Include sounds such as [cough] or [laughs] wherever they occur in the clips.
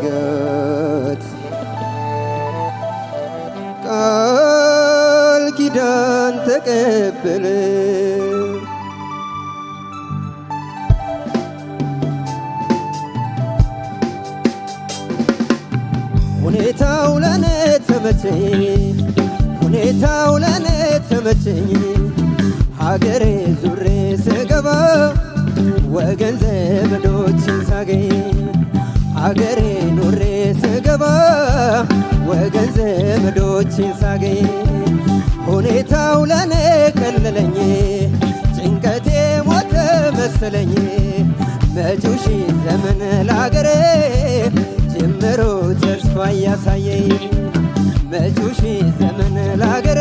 እድገት ቃል ኪዳን ተቀበለ ሁኔታው ለኔ ተመቸኝ ሁኔታው ለኔ ተመቸኝ ሀገሬ ዙሬ ስገባ ወገን ዘመዶችን ሳገኝ አገሬ ኑሬ ስገባ ወገን ዘመዶችን ሳገኝ ሁኔታው ለኔ ቀለለኝ፣ ጭንቀቴ ሞተ መሰለኝ። መጪው ሺህ ዘመን ለአገሬ ጅምሩ ተስፋ እያሳየኝ መጪው ሺህ ዘመን ለአገሬ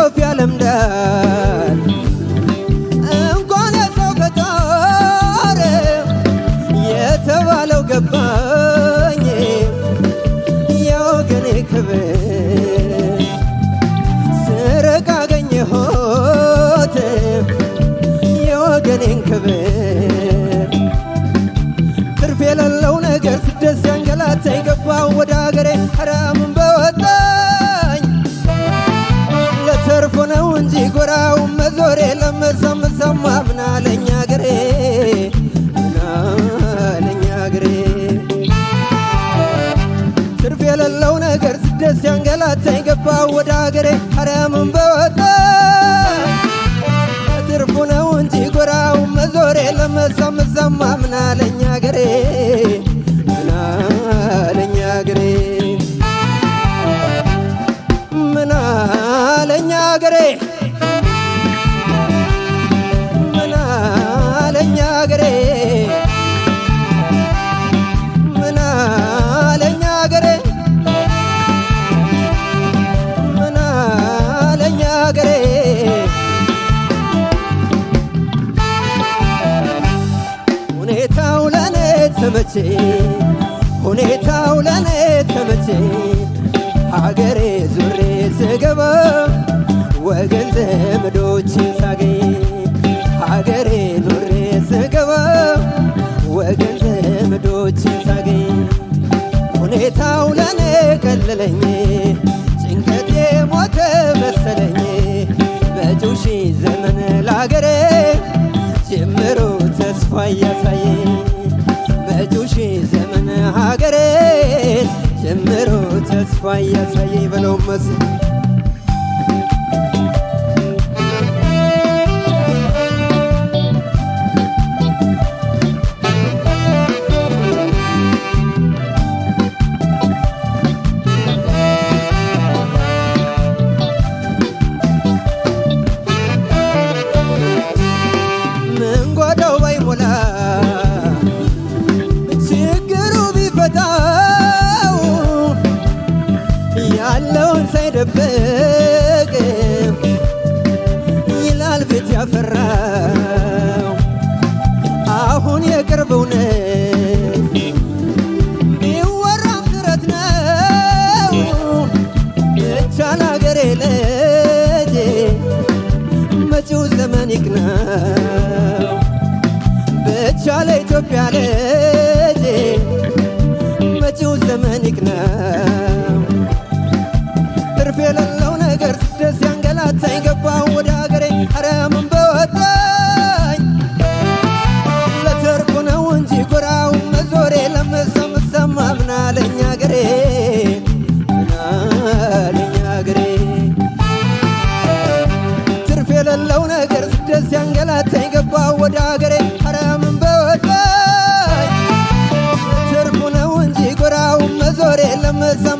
ኢትዮጵያ ለምዳል እንኳን ሰው ፈጣሪ የተባለው ገባኝ የወገኔ ክብር ስርቅ አገኘሁት የወገኔን ክብር ትርፍ የሌለው ነገር ስደት ሲያንገላታ የገባው ወደ ሀገሬ ዘምር ዘምር ዘማ ምና ለኛ ገሬ ምና ትርፍ የሌለው ነገር ስደት ሲያንገላታኝ ገባ ወደ አገሬ አርያምን በወ ተመቼ ሁኔታው ለኔ ተመቼ ሀገሬ ዙሬ ስገባ ወገን ዘመዶችን ሳገኝ ሀገሬ ኑሬ ስገባ ወገን ዘመዶችን ሳገኝ ሁኔታው ለኔ ቀለለኝ ጭንቀቴ ሞተ መሰለኝ በጁሺ ዘመን ላገሬ ጀምሮ ተስፋ እያሳየኝ ተስፋ እያሳየኝ በለው መስል የኢትዮጵያ ልጅ መጪው ዘመን ይቅናው ትርፍ የሌለው ነገር ደስ ያንገላታኝ ገባው ወደ ሀገሬ አረ በወጣኝ ለተርፉ ነው እንጂ ጎራው መዞሬ ለምሳ ምሰማ ምናለኝ ምናለኝ ትርፍ የሌለው ነገር ደስ ያንገላታኝ ገባው ወደ Ramazam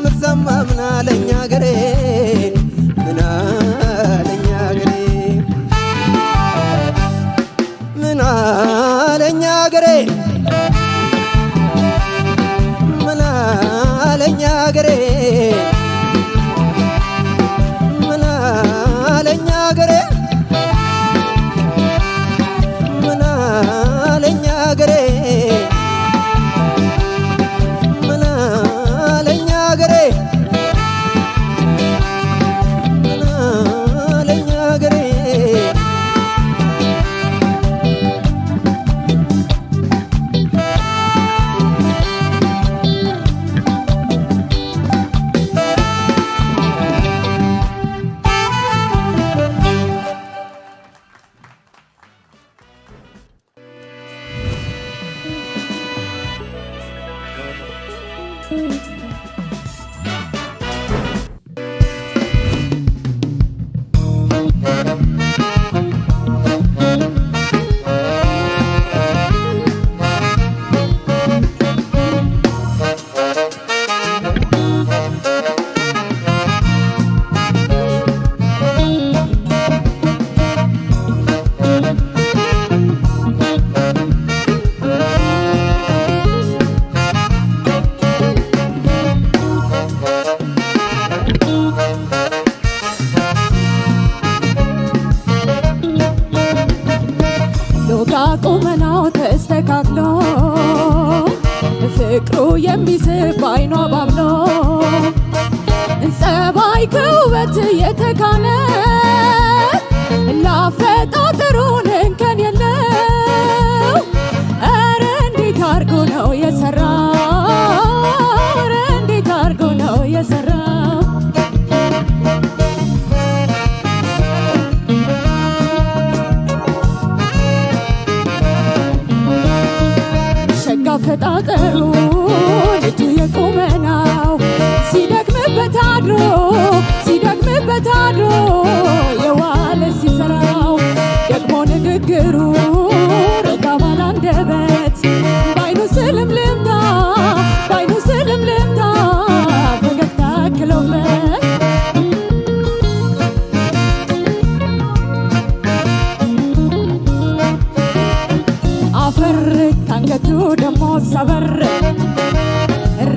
ዘወር ታንገቱ ደሞ ሰበር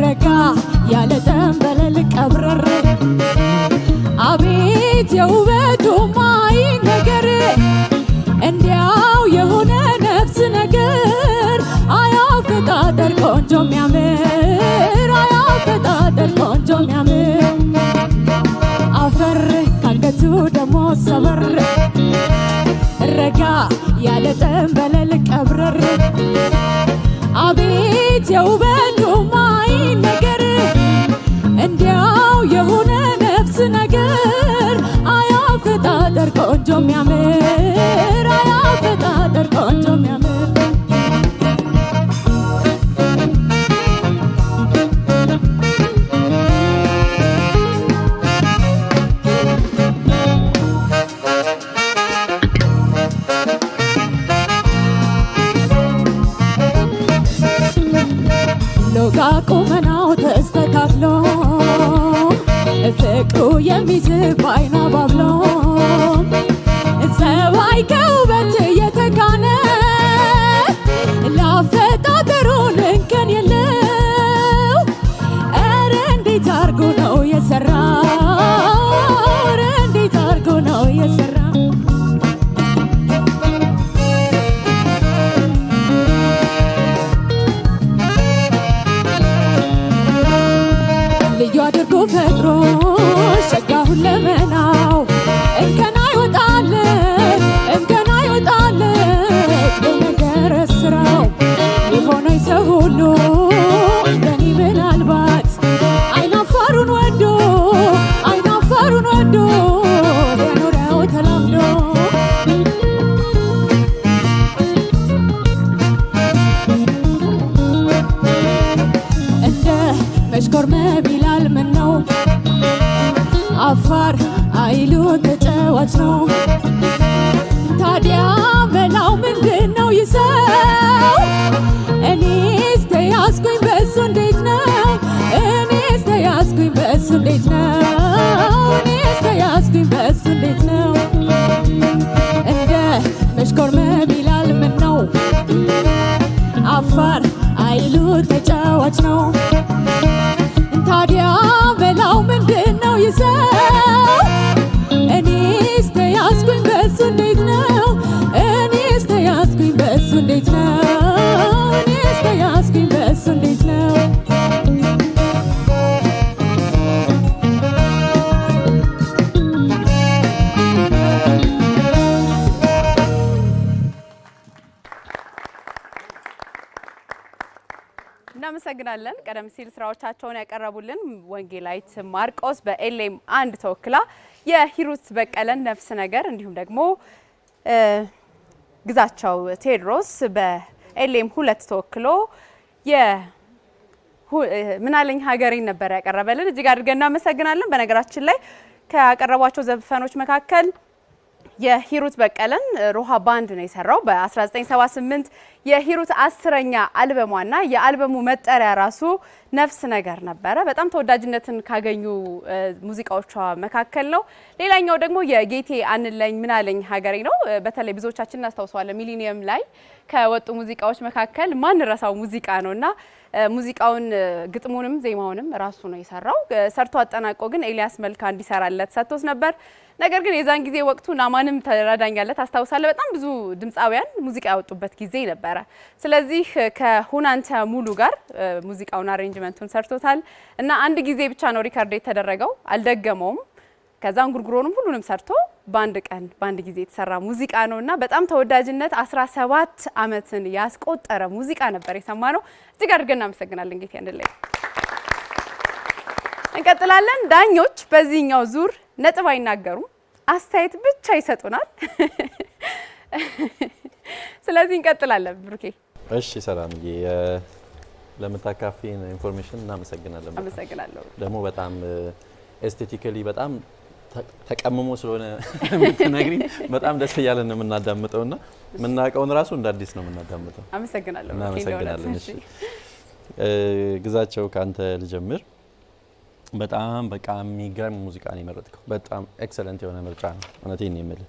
ረጋ ያለ ደንበለል ቀብረር አቤት የውበቱ ማይ ነገር እንዲያው የሆነ ነፍስ ነገር አያፈጣጠር ቆንጆ ሚያምር አያፈጣጠር ቆንጆ የሚያምር አፈር ታንገቱ ደሞ ሰበር ረጋ ያለ ጠንበለል ቀብረር አቤት የውበቱ ማይ ነገር እንዲያው የሆነ ነፍስ ነገር አያ አፈጣጠር ቆንጆ የሚያምር ተፈጥሮ ሸጋሁለ እናመሰግናለን። ቀደም ሲል ስራዎቻቸውን ያቀረቡልን ወንጌላዊት ማርቆስ በኤሌም አንድ ተወክላ የሂሩት በቀለን ነፍስ ነገር እንዲሁም ደግሞ ግዛቸው ቴዎድሮስ በኤሌም ሁለት ተወክሎ ምናለኝ ሀገሬን ነበር ያቀረበልን። እጅግ አድርገን እናመሰግናለን። በነገራችን ላይ ከያቀረቧቸው ዘፈኖች መካከል የሂሩት በቀለን ሮሃ ባንድ ነው የሰራው። በ1978 የሂሩት አስረኛ አልበሟና የአልበሙ መጠሪያ ራሱ ነፍስ ነገር ነበረ። በጣም ተወዳጅነትን ካገኙ ሙዚቃዎቿ መካከል ነው። ሌላኛው ደግሞ የጌቴ አንለኝ ምናለኝ ሀገሬ ነው። በተለይ ብዙዎቻችን እናስታውሰዋለን። ሚሊኒየም ላይ ከወጡ ሙዚቃዎች መካከል ማንረሳው ሙዚቃ ነውና ሙዚቃውን ግጥሙንም ዜማውንም ራሱ ነው የሰራው። ሰርቶ አጠናቆ ግን ኤልያስ መልካ እንዲሰራለት ሰጥቶት ነበር። ነገር ግን የዛን ጊዜ ወቅቱ ናማንም ተረዳኛለት አስታውሳለሁ። በጣም ብዙ ድምፃውያን ሙዚቃ ያወጡበት ጊዜ ነበረ። ስለዚህ ከሁናንተ ሙሉ ጋር ሙዚቃውን አሬንጅመንቱን ሰርቶታል እና አንድ ጊዜ ብቻ ነው ሪከርድ የተደረገው፣ አልደገመውም ከዛ እንጉርጉሮንም ሁሉንም ሰርቶ በአንድ ቀን በአንድ ጊዜ የተሰራ ሙዚቃ ነው እና በጣም ተወዳጅነት 17 ዓመትን ያስቆጠረ ሙዚቃ ነበር የሰማ ነው። እጅግ አድርገን እናመሰግናለን። ጌት ያንድላይ እንቀጥላለን። ዳኞች በዚህኛው ዙር ነጥብ አይናገሩም፣ አስተያየት ብቻ ይሰጡናል። ስለዚህ እንቀጥላለን። ብሩኬ እሺ፣ ሰላምዬ ለምታካፊን ኢንፎርሜሽን እናመሰግናለን። አመሰግናለሁ ደግሞ በጣም ኤስቴቲካሊ በጣም ተቀምሞ ስለሆነ የምትነግሪኝ በጣም ደስ እያለን ነው የምናዳምጠው ና የምናውቀውን ራሱ እንደ አዲስ ነው የምናዳምጠው። አመሰግናለሁ። እናመሰግናለን። ግዛቸው ከአንተ ልጀምር። በጣም በቃ የሚገርም ሙዚቃ ነው የመረጥከው። በጣም ኤክሰለንት የሆነ ምርጫ ነው። እውነቴን የምልህ፣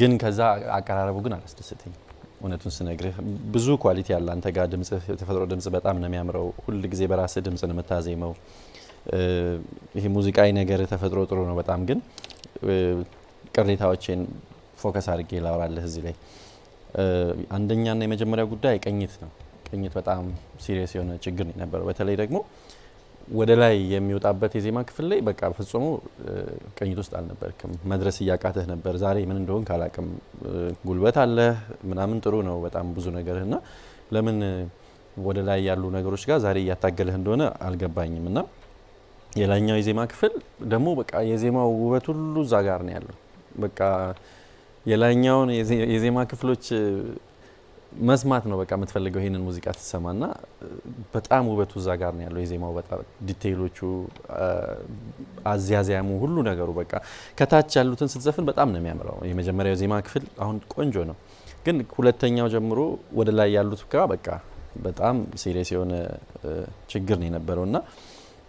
ግን ከዛ አቀራረቡ ግን አላስደስትኝ እውነቱን ስነግርህ ብዙ ኳሊቲ ያለ አንተ ጋር ድምጽ፣ የተፈጥሮ ድምጽ በጣም ነው የሚያምረው። ሁል ጊዜ በራስህ ድምጽ ነው የምታዜመው ይሄ ሙዚቃዊ ነገር ተፈጥሮ ጥሩ ነው በጣም ግን ቅሬታዎቼን ፎከስ አድርጌ ላውራለህ እዚህ ላይ አንደኛና የመጀመሪያ ጉዳይ ቅኝት ነው። ቅኝት በጣም ሲሪየስ የሆነ ችግር ነው የነበረው። በተለይ ደግሞ ወደ ላይ የሚወጣበት የዜማ ክፍል ላይ በቃ ፍጹሙ ቅኝት ውስጥ አልነበርክም። መድረስ እያቃተህ ነበር። ዛሬ ምን እንደሆን ካላቅም ጉልበት አለህ ምናምን ጥሩ ነው በጣም ብዙ ነገርህ ና ለምን ወደ ላይ ያሉ ነገሮች ጋር ዛሬ እያታገልህ እንደሆነ አልገባኝም እና የላይኛው የዜማ ክፍል ደግሞ በቃ የዜማው ውበት ሁሉ እዛ ጋር ነው ያለው። በቃ የላይኛውን የዜማ ክፍሎች መስማት ነው በቃ የምትፈልገው ይህንን ሙዚቃ ስትሰማና በጣም ውበቱ እዛ ጋር ነው ያለው። የዜማው በጣም ዲቴይሎቹ፣ አዝያዝያሙ፣ ሁሉ ነገሩ በቃ ከታች ያሉትን ስትዘፍን በጣም ነው የሚያምረው። የመጀመሪያው የዜማ ክፍል አሁን ቆንጆ ነው፣ ግን ሁለተኛው ጀምሮ ወደ ላይ ያሉት ጋር በቃ በጣም ሲሪየስ የሆነ ችግር ነው የነበረው ና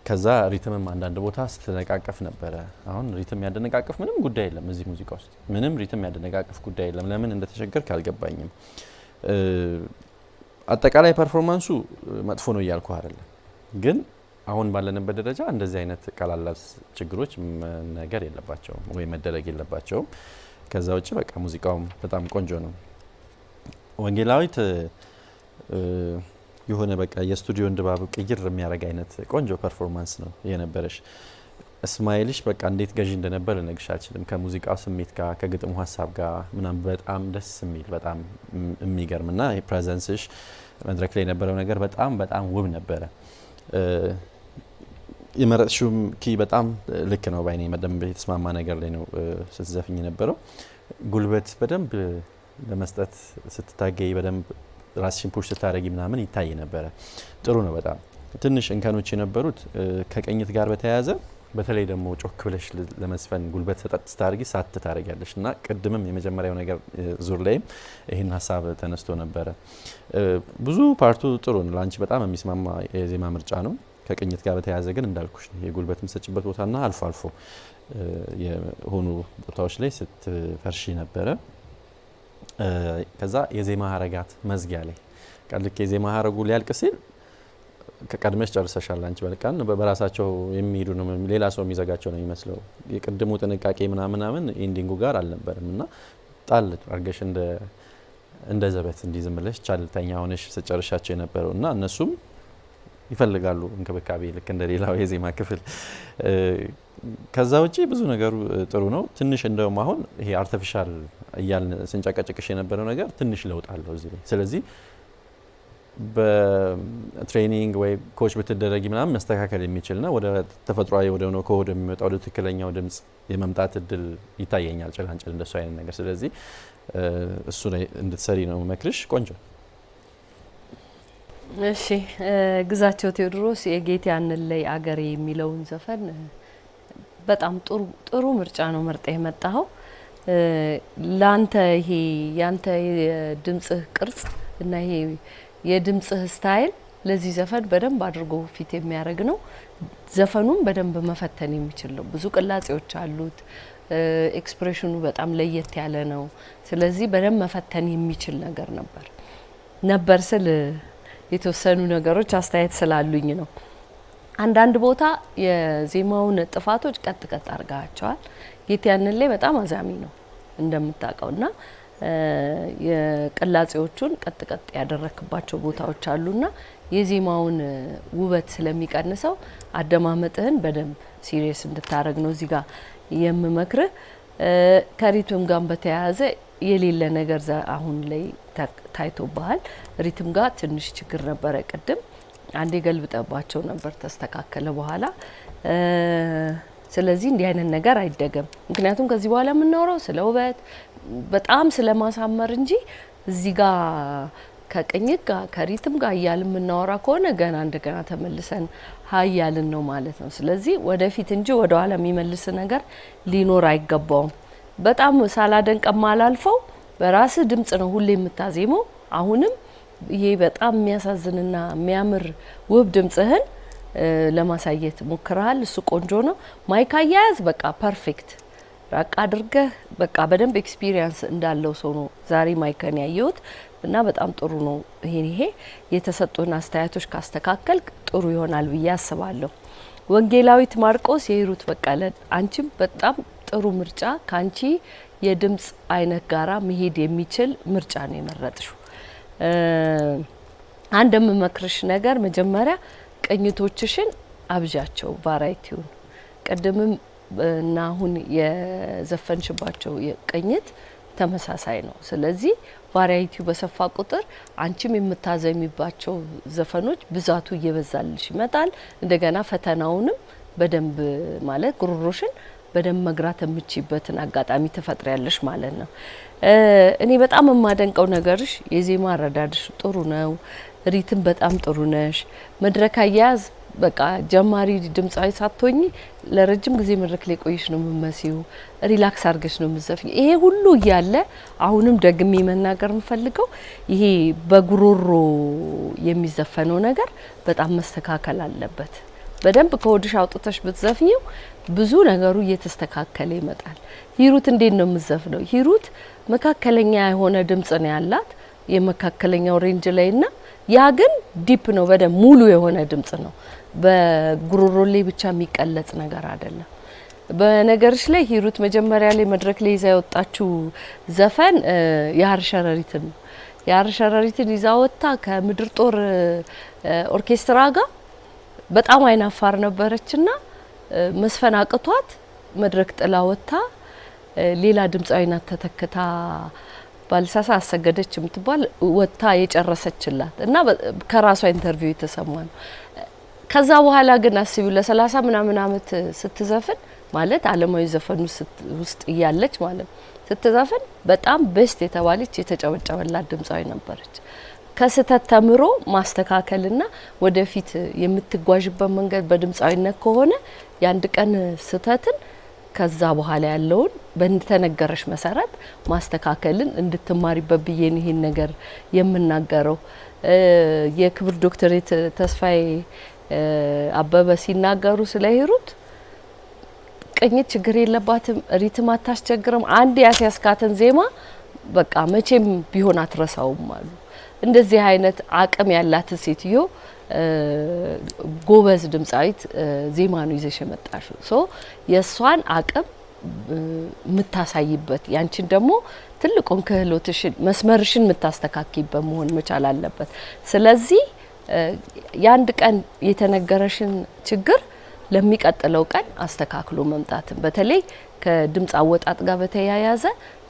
ከዛ ሪትምም አንዳንድ ቦታ ስትነቃቀፍ ነበረ። አሁን ሪትም ያደነቃቀፍ ምንም ጉዳይ የለም እዚህ ሙዚቃ ውስጥ ምንም ሪትም ያደነቃቀፍ ጉዳይ የለም። ለምን እንደተቸገርክ አልገባኝም። አጠቃላይ ፐርፎርማንሱ መጥፎ ነው እያልኩ አይደለም፣ ግን አሁን ባለንበት ደረጃ እንደዚህ አይነት ቀላላስ ችግሮች መነገር የለባቸውም ወይ መደረግ የለባቸውም። ከዛ ውጭ በቃ ሙዚቃውም በጣም ቆንጆ ነው። ወንጌላዊት የሆነ በቃ የስቱዲዮን ድባብ ቅይር የሚያደርግ አይነት ቆንጆ ፐርፎርማንስ ነው የነበረሽ። እስማኤልሽ በቃ እንዴት ገዢ እንደነበር ልነግርሽ አልችልም። ከሙዚቃው ስሜት ጋር ከግጥሙ ሀሳብ ጋር ምናምን በጣም ደስ የሚል በጣም የሚገርም እና ፕሬዘንስሽ መድረክ ላይ የነበረው ነገር በጣም በጣም ውብ ነበረ። የመረጥሽውም ኪ በጣም ልክ ነው ባይኔ፣ በደንብ የተስማማ ነገር ላይ ነው ስትዘፍኝ የነበረው። ጉልበት በደንብ ለመስጠት ስትታገይ በደንብ ራስሽን ፑሽ ስታደረጊ ምናምን ይታይ ነበረ። ጥሩ ነው በጣም ትንሽ እንከኖች የነበሩት ከቅኝት ጋር በተያያዘ በተለይ ደግሞ ጮክ ብለሽ ለመዝፈን ጉልበት ሰጠጥ ስታደርጊ ሳት ታደርጊያለሽ እና ቅድምም የመጀመሪያው ነገር ዙር ላይም ይህን ሀሳብ ተነስቶ ነበረ። ብዙ ፓርቱ ጥሩ ነው፣ ለአንቺ በጣም የሚስማማ የዜማ ምርጫ ነው። ከቅኝት ጋር በተያያዘ ግን እንዳልኩሽ የጉልበት የምሰጭበት ቦታና አልፎ አልፎ የሆኑ ቦታዎች ላይ ስትፈርሺ ነበረ። ከዛ የዜማ ሀረጋት መዝጊያ ላይ ልክ የዜማ ሀረጉ ሊያልቅ ሲል ከቀድመች ጨርሰሻል አንቺ በልቃን በራሳቸው የሚሄዱ ነው ሌላ ሰው የሚዘጋቸው ነው የሚመስለው የቅድሙ ጥንቃቄ ምናምናምን ኢንዲንጉ ጋር አልነበርም እና ጣል አርገሽ እንደ ዘበት እንዲዝምለሽ ቻልተኛ ሆነሽ ስጨርሻቸው የነበረው እና እነሱም ይፈልጋሉ እንክብካቤ ልክ እንደ ሌላው የዜማ ክፍል። ከዛ ውጭ ብዙ ነገሩ ጥሩ ነው። ትንሽ እንደውም አሁን ይሄ አርቲፊሻል እያልን ስንጨቀጭቅሽ የነበረው ነገር ትንሽ ለውጥ አለው እዚህ ላይ። ስለዚህ በትሬኒንግ ወይ ኮች ብትደረጊ ምናምን መስተካከል የሚችልና ወደ ተፈጥሯዊ ወደ ሆነ ከወደ የሚወጣ ወደ ትክክለኛው ድምፅ የመምጣት እድል ይታየኛል ጭላንጭል እንደሱ አይነት ነገር። ስለዚህ እሱ ላይ እንድትሰሪ ነው መክርሽ። ቆንጆ እሺ ግዛቸው ቴዎድሮስ ያንን አንለይ አገሬ የሚለውን ዘፈን በጣም ጥሩ ጥሩ ምርጫ ነው መርጠ የመጣኸው። ላንተ ይሄ ያንተ የድምጽህ ቅርጽ እና ይሄ የድምጽህ ስታይል ለዚህ ዘፈን በደንብ አድርጎ ፊት የሚያደርግ ነው። ዘፈኑም በደንብ መፈተን የሚችል ነው። ብዙ ቅላጼዎች አሉት። ኤክስፕሬሽኑ በጣም ለየት ያለ ነው። ስለዚህ በደንብ መፈተን የሚችል ነገር ነበር ነበር ስል የተወሰኑ ነገሮች አስተያየት ስላሉኝ ነው። አንዳንድ ቦታ የዜማውን ጥፋቶች ቀጥ ቀጥ አድርጋቸዋል። ጌት ያንን ላይ በጣም አዛሚ ነው እንደምታውቀው እና የቅላጼዎቹን ቀጥ ቀጥ ያደረክባቸው ቦታዎች አሉና የዜማውን ውበት ስለሚቀንሰው አደማመጥህን በደንብ ሲሪየስ እንድታደረግ ነው እዚህ ጋር የምመክርህ። ከሪትም ጋር በተያያዘ የሌለ ነገር አሁን ላይ ታይቶብሃል። ሪትም ጋር ትንሽ ችግር ነበረ። ቅድም አንዴ ገልብጠባቸው ነበር ተስተካከለ በኋላ። ስለዚህ እንዲህ አይነት ነገር አይደገም። ምክንያቱም ከዚህ በኋላ የምናወራው ስለ ውበት በጣም ስለማሳመር እንጂ እዚህ ጋር ከቅኝ ጋር ከሪትም ጋር እያል የምናወራ ከሆነ ገና እንደገና ተመልሰን ሀያልን ነው ማለት ነው። ስለዚህ ወደፊት እንጂ ወደኋላ የሚመልስ ነገር ሊኖር አይገባውም። በጣም ሳላደንቅ ማላልፈው በራስ ድምጽ ነው ሁሌ የምታዜመው። አሁንም ይሄ በጣም የሚያሳዝንና የሚያምር ውብ ድምጽህን ለማሳየት ሞክረሃል። እሱ ቆንጆ ነው። ማይክ አያያዝ በቃ ፐርፌክት ራቅ አድርገህ በቃ በደንብ ኤክስፒሪየንስ እንዳለው ሰው ነው ዛሬ ማይከን ያየሁት። እና በጣም ጥሩ ነው። ይሄን ይሄ የተሰጡን አስተያየቶች ካስተካከል ጥሩ ይሆናል ብዬ አስባለሁ። ወንጌላዊት ማርቆስ የሂሩት በቀለ አንቺም በጣም ጥሩ ምርጫ ከአንቺ የድምፅ አይነት ጋራ መሄድ የሚችል ምርጫ ነው የመረጥሽው። አንድ የምመክርሽ ነገር መጀመሪያ ቅኝቶችሽን አብዣቸው ቫራይቲውን ቅድምም እና አሁን የዘፈንሽባቸው ቅኝት ተመሳሳይ ነው። ስለዚህ ቫሪያቲው በሰፋ ቁጥር አንቺም የምታዘሚባቸው ዘፈኖች ብዛቱ እየበዛልሽ ይመጣል። እንደገና ፈተናውንም በደንብ ማለት ጉሮሮሽን በደንብ መግራት የምችበትን አጋጣሚ ትፈጥሪያለሽ ማለት ነው። እኔ በጣም የማደንቀው ነገርሽ የዜማ አረዳድሽ ጥሩ ነው። ሪትም በጣም ጥሩ ነሽ። መድረክ አያያዝ በቃ ጀማሪ ድምጻዊ ሳትሆኝ ለረጅም ጊዜ መድረክ ላይ ቆይሽ ነው የምመሲው። ሪላክስ አድርገሽ ነው የምዘፍኝ። ይሄ ሁሉ እያለ አሁንም ደግሜ መናገር የምፈልገው ይሄ በጉሮሮ የሚዘፈነው ነገር በጣም መስተካከል አለበት። በደንብ ከወድሽ አውጥተሽ ብትዘፍኝው ብዙ ነገሩ እየተስተካከለ ይመጣል። ሂሩት እንዴት ነው የምዘፍነው? ሂሩት መካከለኛ የሆነ ድምጽ ነው ያላት የመካከለኛው ሬንጅ ላይ ና ያ ግን ዲፕ ነው በደንብ ሙሉ የሆነ ድምጽ ነው። በጉሮሮ ላይ ብቻ የሚቀለጽ ነገር አይደለም። በነገርሽ ላይ ሂሩት መጀመሪያ ላይ መድረክ ላይ ይዛ የወጣችው ዘፈን የሀር ሸረሪትን ነው። የሀር ሸረሪትን ይዛ ወጥታ ከምድር ጦር ኦርኬስትራ ጋር በጣም አይናፋር ነበረችና መስፈን አቅቷት መድረክ ጥላ ወጥታ ሌላ ድምፃዊ ናት ተተክታ ባልሳሳ አሰገደች የምትባል ወጥታ የጨረሰችላት እና ከራሷ ኢንተርቪው የተሰማ ነው። ከዛ በኋላ ግን አስቢው ለሰላሳ ምናምን አመት ስትዘፍን ማለት አለማዊ ዘፈን ውስጥ እያለች ማለት ስትዘፍን በጣም ቤስት የተባለች የተጨበጨበላት ድምፃዊ ነበረች። ከስህተት ተምሮ ማስተካከልና ወደፊት የምትጓዥበት መንገድ በድምፃዊነት ከሆነ የአንድ ቀን ስህተትን ከዛ በኋላ ያለውን በተነገረሽ መሰረት ማስተካከልን እንድትማሪበት ብዬን ይህን ነገር የምናገረው የክብር ዶክተሬት ተስፋዬ አበበ ሲናገሩ ስለ ሂሩት ቅኝት ችግር የለባትም፣ ሪትም አታስቸግርም፣ አንድ ያስያስካትን ዜማ በቃ መቼም ቢሆን አትረሳውም አሉ። እንደዚህ አይነት አቅም ያላትን ሴትዮ ጎበዝ ድምፃዊት ዜማ ነው ይዘሽ የመጣሽው። ሶ የእሷን አቅም የምታሳይበት ያንቺን ደግሞ ትልቁን ክህሎትሽን መስመርሽን የምታስተካኪበት መሆን መቻል አለበት። ስለዚህ የአንድ ቀን የተነገረሽን ችግር ለሚቀጥለው ቀን አስተካክሎ መምጣትን በተለይ ከድምፅ አወጣጥ ጋር በተያያዘ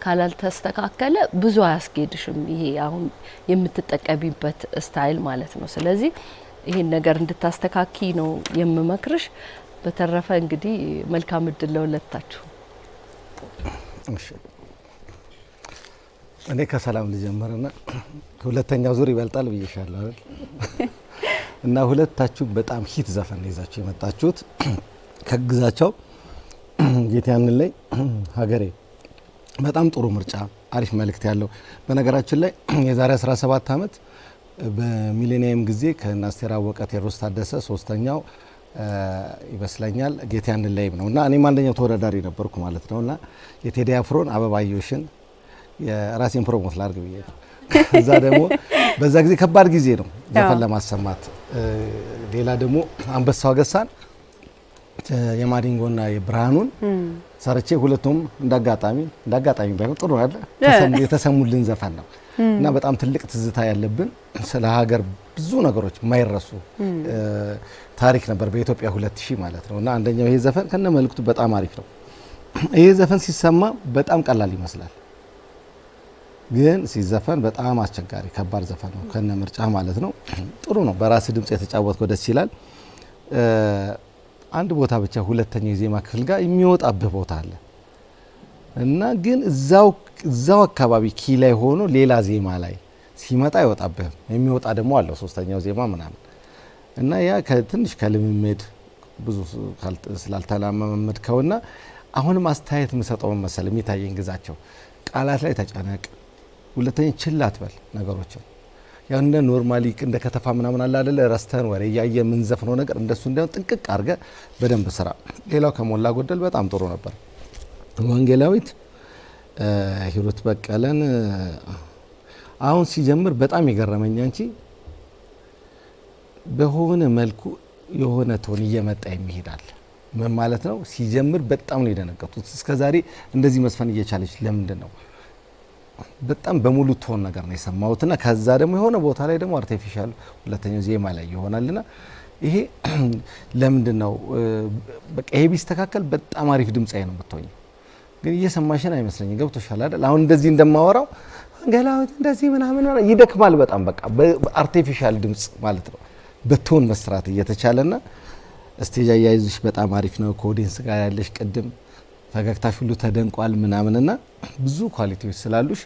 ካላልተስተካከለ ብዙ አያስኬድሽም። ይሄ አሁን የምትጠቀሚበት ስታይል ማለት ነው። ስለዚህ ይሄን ነገር እንድታስተካኪ ነው የምመክርሽ። በተረፈ እንግዲህ መልካም እድል ለሁለታችሁ። እኔ ከሰላም ልጀምርና ሁለተኛው ዙር ይበልጣል ብዬሻለሁ አይደል? [laughs] እና ሁለታችሁ በጣም ሂት ዘፈን ይዛችሁ የመጣችሁት። ከግዛቸው ጌትያንን ላይ ሀገሬ በጣም ጥሩ ምርጫ፣ አሪፍ መልእክት ያለው በነገራችን ላይ የዛሬ 17 ዓመት በሚሌኒየም ጊዜ ከናስቴር አወቀ፣ ቴዎድሮስ ታደሰ ሶስተኛው ይመስለኛል ጌትያንን ላይም ነው እና እኔም አንደኛው ተወዳዳሪ ነበርኩ ማለት ነው እና የቴዲ አፍሮን አበባዮሽን የራሴን ፕሮሞት ላድርግ ብዬ ነው። እዛ ደግሞ በዛ ጊዜ ከባድ ጊዜ ነው ዘፈን ለማሰማት። ሌላ ደግሞ አንበሳው ገሳን የማዲንጎና የብርሃኑን ሰርቼ ሁለቱም እንዳጋጣሚ እንዳጋጣሚ ባይሆን ጥሩ አለ የተሰሙልን ዘፈን ነው እና በጣም ትልቅ ትዝታ ያለብን ስለ ሀገር ብዙ ነገሮች የማይረሱ ታሪክ ነበር በኢትዮጵያ ሁለት ሺህ ማለት ነው። እና አንደኛው ይሄ ዘፈን ከነ መልእክቱ በጣም አሪፍ ነው። ይሄ ዘፈን ሲሰማ በጣም ቀላል ይመስላል። ግን ሲዘፈን በጣም አስቸጋሪ ከባድ ዘፈን ነው፣ ከነ ምርጫ ማለት ነው። ጥሩ ነው። በራስ ድምጽ የተጫወትከው ደስ ይላል። አንድ ቦታ ብቻ ሁለተኛ የዜማ ክፍል ጋር የሚወጣብህ ቦታ አለ እና ግን እዛው አካባቢ ኪ ላይ ሆኖ ሌላ ዜማ ላይ ሲመጣ አይወጣብህም። የሚወጣ ደግሞ አለው ሶስተኛው ዜማ ምናምን እና ያ ከትንሽ ከልምምድ ብዙ ስላልተላመመድከውና አሁንም አስተያየት የምሰጠውን መሰል የሚታየኝ ግዛቸው ቃላት ላይ ተጨነቅ ሁለተኛ ችላ አትበል ነገሮችን ያነ ኖርማሊ እንደ ከተፋ ምናምን አለ አይደለ ረስተን ወሬ እያየ የምንዘፍነው ነገር እንደሱ እንዲያው ጥንቅቅ አድርገ በደንብ ስራ። ሌላው ከሞላ ጎደል በጣም ጥሩ ነበር። ወንጌላዊት ሂሩት በቀለን አሁን ሲጀምር በጣም የገረመኝ አንቺ በሆነ መልኩ የሆነ ቶን እየመጣ የሚሄዳል ምን ማለት ነው? ሲጀምር በጣም ነው የደነገጡት። እስከዛሬ እንደዚህ መስፈን እየቻለች ለምንድን ነው በጣም በሙሉ ቶን ነገር ነው የሰማሁት። ና ከዛ ደግሞ የሆነ ቦታ ላይ ደግሞ አርቲፊሻል ሁለተኛው ዜማ ላይ ይሆናል። ና ይሄ [clears throat] ለምንድን ነው በቃ ይሄ ቢስተካከል በጣም አሪፍ ድምጻዊ ነው የምትሆኝ። ግን እየሰማሽን አይመስለኝም። ገብቶሻል አይደል? አሁን እንደዚህ እንደማወራው ገላውት እንደዚህ ምናምን ይደክማል በጣም በቃ በአርቲፊሻል ድምፅ ማለት ነው በቶን መስራት እየተቻለ ና ስቴጅ አያይዝሽ በጣም አሪፍ ነው። ከኦዲየንስ ጋር ያለሽ ቅድም ፈገግታሽ ሁሉ ተደንቋል ምናምንና ብዙ ኳሊቲዎች ስላሉሽ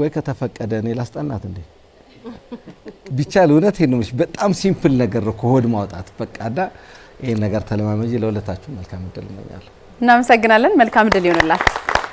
ወይ ከተፈቀደ እኔ ላስጠናት እንዴ ቢቻል እውነት ሄድንሽ። በጣም ሲምፕል ነገር ከሆድ ማውጣት በቃዳ ይህን ነገር ተለማመጂ። ለሁለታችሁ መልካም እድል እመኛለሁ። እናመሰግናለን። መልካም እድል ይሆንላችሁ።